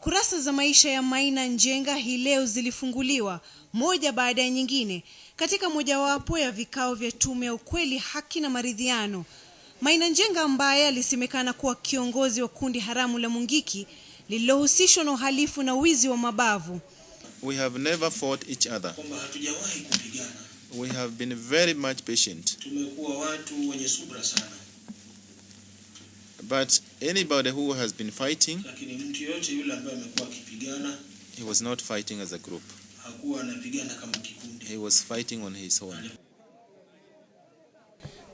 Kurasa za maisha ya Maina Njenga hii leo zilifunguliwa moja baada ya nyingine katika mojawapo ya vikao vya tume ya ukweli, haki na maridhiano. Maina Njenga ambaye alisemekana kuwa kiongozi wa kundi haramu la Mungiki lililohusishwa na uhalifu na wizi wa mabavu. We have never fought each other. We have been very much patient. Tumekuwa watu wenye subra sana. But anybody who has been fighting, he was not fighting as a group. He was fighting on his own.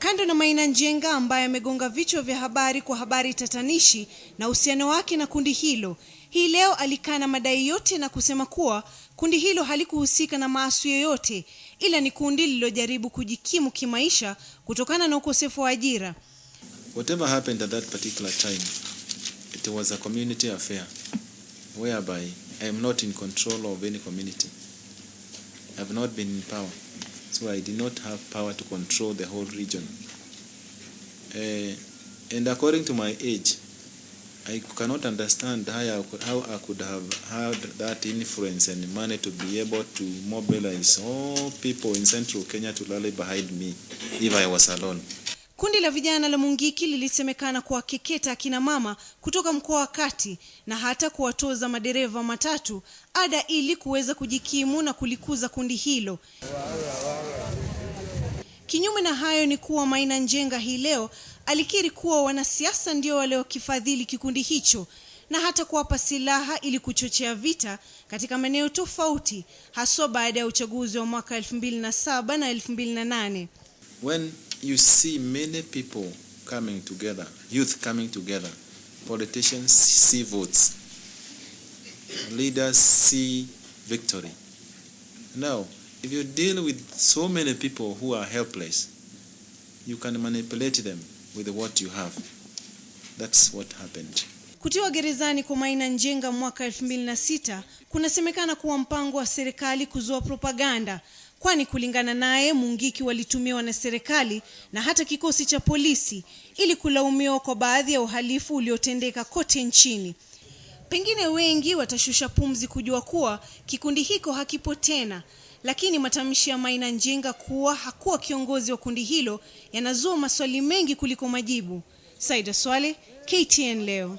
Kando na Maina Njenga ambaye amegonga vichwa vya habari kwa habari tatanishi na uhusiano wake na kundi hilo, hii leo alikana madai yote na kusema kuwa kundi hilo halikuhusika na maasi yoyote, ila ni kundi lililojaribu kujikimu kimaisha kutokana na ukosefu wa ajira. Whatever happened at that particular time, it was a community affair whereby I am not in control of any community. I have not been in power. So I did not have power to control the whole region. Uh, and according to my age, I cannot understand how I, could, how I could have had that influence and money to be able to mobilize all people in central Kenya to rally behind me if I was alone. Kundi la vijana la Mungiki lilisemekana kuwakeketa akina mama kutoka mkoa wa kati na hata kuwatoza madereva matatu ada ili kuweza kujikimu na kulikuza kundi hilo. Kinyume na hayo ni kuwa Maina Njenga hii leo alikiri kuwa wanasiasa ndio waliokifadhili kikundi hicho na hata kuwapa silaha ili kuchochea vita katika maeneo tofauti haswa baada ya uchaguzi wa mwaka 2007 na 2008. When you see many people coming together, youth coming together. Politicians see votes, leaders see victory. Now, if you deal with so many people who are helpless, you can manipulate them with what you have. That's what happened. Kutiwa gerezani kwa Maina Njenga mwaka 2006 kunasemekana kuwa mpango wa serikali kuzua propaganda kwani kulingana naye Mungiki walitumiwa na serikali na hata kikosi cha polisi ili kulaumiwa kwa baadhi ya uhalifu uliotendeka kote nchini. Pengine wengi watashusha pumzi kujua kuwa kikundi hiko hakipo tena, lakini matamshi ya Maina Njenga kuwa hakuwa kiongozi wa kundi hilo yanazua maswali mengi kuliko majibu. Saida Swale, KTN leo.